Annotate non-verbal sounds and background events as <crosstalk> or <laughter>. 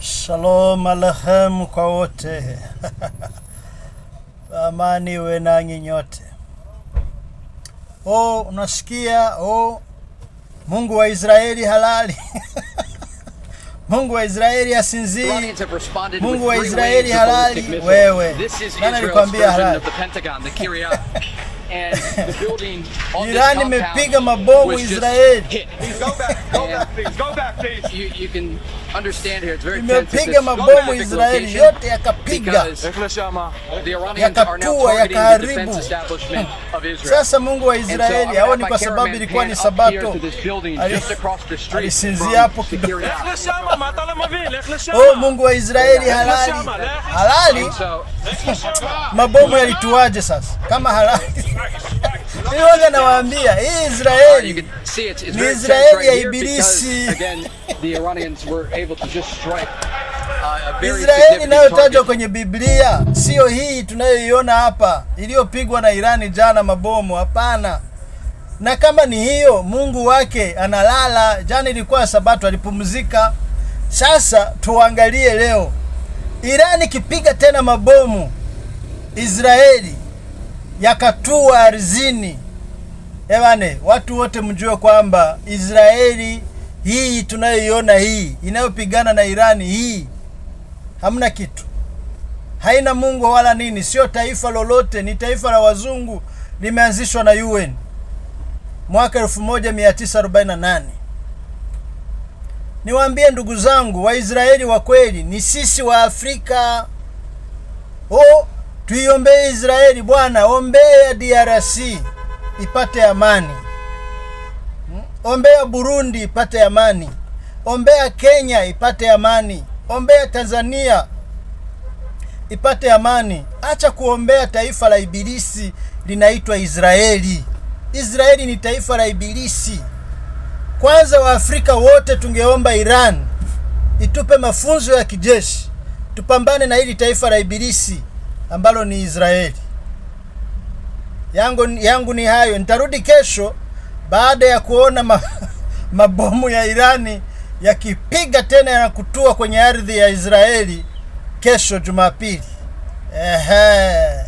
Shalom alehem kwa wote. <laughs> Amani iwe nanyi nyote. Oh, unasikia? Oh, Mungu wa Israeli halali. <laughs> Mungu wa Israeli asinzii. Mungu wa Israeli halali. Wewe nani alikwambia halali? <laughs> and the <laughs> building on Jirani this compound was just hit. Please go back, go back, please, go back, please. You, you can Imepiga mabomu Israeli yote, yakapiga yakatua, yakaharibu. <laughs> Sasa Mungu wa Israeli hao, ni kwa sababu ilikuwa ni Sabato, alisinzia hapo kidogo. <laughs> Oh, Mungu wa Israeli halali halali, <laughs> mabomu yalituaje sasa kama halali? Niwaga nawaambia hii Israeli ni Israeli ya Ibilisi. Uh, Israeli inayotajwa kwenye Biblia siyo hii tunayoiona hapa iliyopigwa na Irani jana mabomu, hapana. Na kama ni hiyo, Mungu wake analala. Jana ilikuwa Sabato, alipumzika. Sasa tuangalie leo, Irani ikipiga tena mabomu Israeli yakatua arzini. Ebane, watu wote mjue kwamba Israeli hii tunayoiona hii inayopigana na Irani hii hamna kitu, haina Mungu wala nini, sio taifa lolote, ni taifa la wazungu, limeanzishwa na UN mwaka 1948. Niwaambie ndugu zangu Waisraeli wa kweli, ni sisi wa Afrika. Oh, Tuiombee Israeli Bwana, ombea DRC ipate amani, ombea Burundi ipate amani, ombea Kenya ipate amani, ombea Tanzania ipate amani. Acha kuombea taifa la ibilisi linaitwa Israeli. Israeli ni taifa la ibilisi. Kwanza Waafrika wote tungeomba Iran itupe mafunzo ya kijeshi, tupambane na hili taifa la ibilisi ambalo ni Israeli. Yangu, yangu ni hayo. Nitarudi kesho baada ya kuona ma, <laughs> mabomu ya Irani yakipiga tena ya kutua kwenye ardhi ya Israeli kesho Jumapili. Ehe.